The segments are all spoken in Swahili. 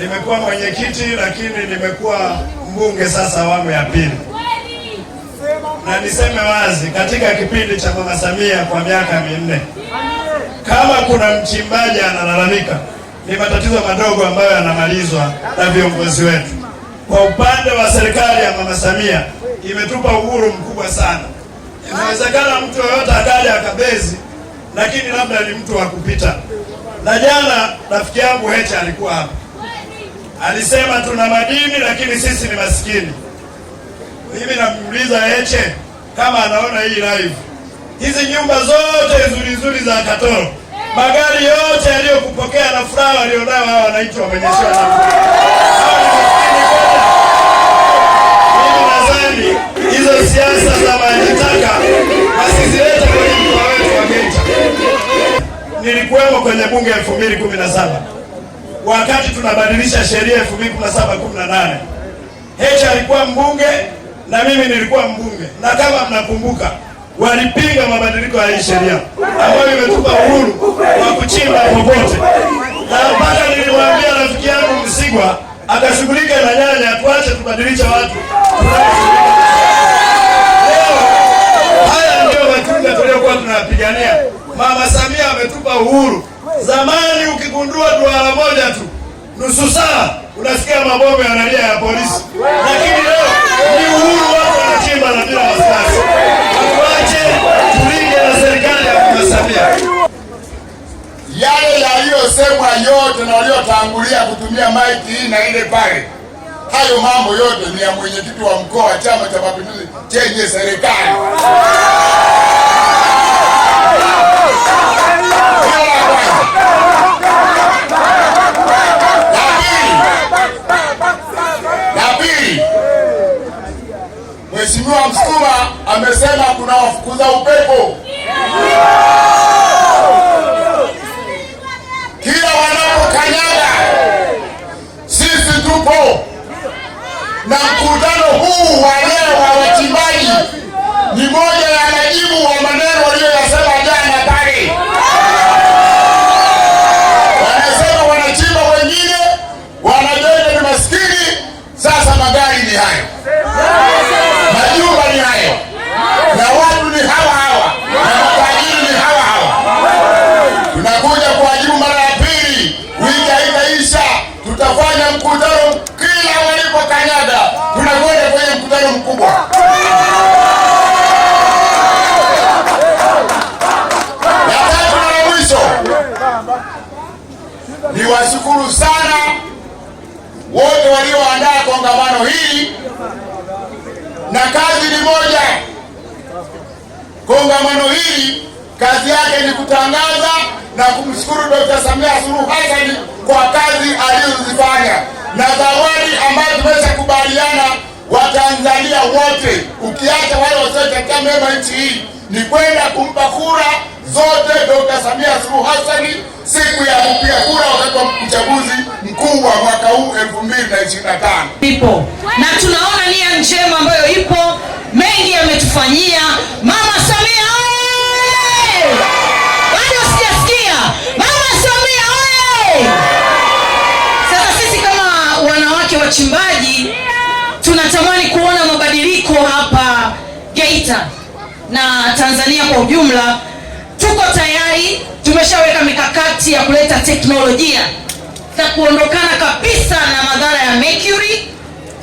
nimekuwa mwenyekiti lakini nimekuwa mbunge sasa awamu ya pili, na niseme wazi, katika kipindi cha mama Samia kwa miaka minne, kama kuna mchimbaji analalamika, ni matatizo madogo ambayo yanamalizwa na viongozi wetu. Kwa upande wa serikali ya mama Samia imetupa uhuru mkubwa sana. Inawezekana mtu yoyote akaja akabezi, lakini labda ni mtu wa kupita. Na jana rafiki yangu Heche alikuwa hapa Alisema tuna madini lakini sisi ni masikini. Mimi namuuliza Eche kama anaona hii live, hizi nyumba zote nzuri nzuri za Katoro, magari yote yaliyokupokea na furaha walionao hawa wananchi wamenyeshewa na mimi, nadhani hizo siasa za majitaka wasizilete kwenye mkoa wetu wa Geita. Nilikuwemo kwenye bunge elfu mbili kumi na saba wakati tunabadilisha sheria 2017 nane Heche alikuwa mbunge na mimi nilikuwa mbunge, na kama mnakumbuka walipinga mabadiliko ya hii sheria ambayo imetupa uhuru wa kuchimba popote, na mpaka nilimwambia rafiki yangu Msigwa akashughulika na nyanya, tuache tubadilisha watu. Leo haya ndio matunda tuliokuwa tunapigania. Mama Samia ametupa uhuru Zamani ukigundua duara moja tu nusu saa unasikia mabomu yanalia ya polisi, lakini leo ni uhuru wako wanachimba na bila wasiwasi. Tuache tulinde na serikali ya kumasamia yale yaliyosemwa yote na waliotangulia kutumia maiki hii na ile pale. Hayo mambo yote ni ya mwenyekiti wa mkoa wa Chama cha Mapinduzi chenye serikali. Mheshimiwa Msukuma amesema kuna wafukuza upepo. Kila wanapokanyaga sisi tupo, na mkutano huu wa leo wa wachimbaji ni moja ya majibu wa maneno waliyoyasema jana pale. Wanasema wanachimba wengine, wanajenga ni maskini. Sasa magari ni hayo Niwashukuru sana wote walioandaa kongamano hili, na kazi ni moja. Kongamano hili kazi yake ni kutangaza na kumshukuru Dr. Samia Suluhu Hassan kwa kazi alizozifanya na zawadi ambayo tumeweza kubaliana Watanzania wote, ukiacha wale wasiotakia mema nchi hii, ni kwenda kumpa kura zote Dr. Samia Suluhu Hassani siku ya kupiga kura wakati wa uchaguzi mkuu wa mwaka huu 2025. Ipo na tunaona nia njema ambayo ipo, mengi yametufanyia Mama Samia oye! Sasa sisi kama wanawake wachimbaji tunatamani kuona mabadiliko hapa Geita na Tanzania kwa ujumla tuko tayari, tumeshaweka mikakati ya kuleta teknolojia za kuondokana kabisa na madhara ya mercury.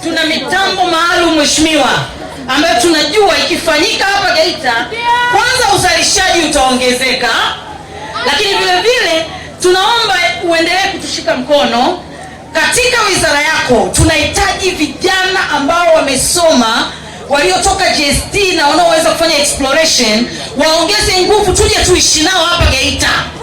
Tuna mitambo maalum mheshimiwa, ambayo tunajua ikifanyika hapa Geita, kwanza uzalishaji utaongezeka, lakini vile vile tunaomba uendelee kutushika mkono katika wizara yako. Tunahitaji vijana ambao wamesoma waliotoka GST na wanaoweza kufanya exploration waongeze nguvu, tuje tuishi nao hapa Geita.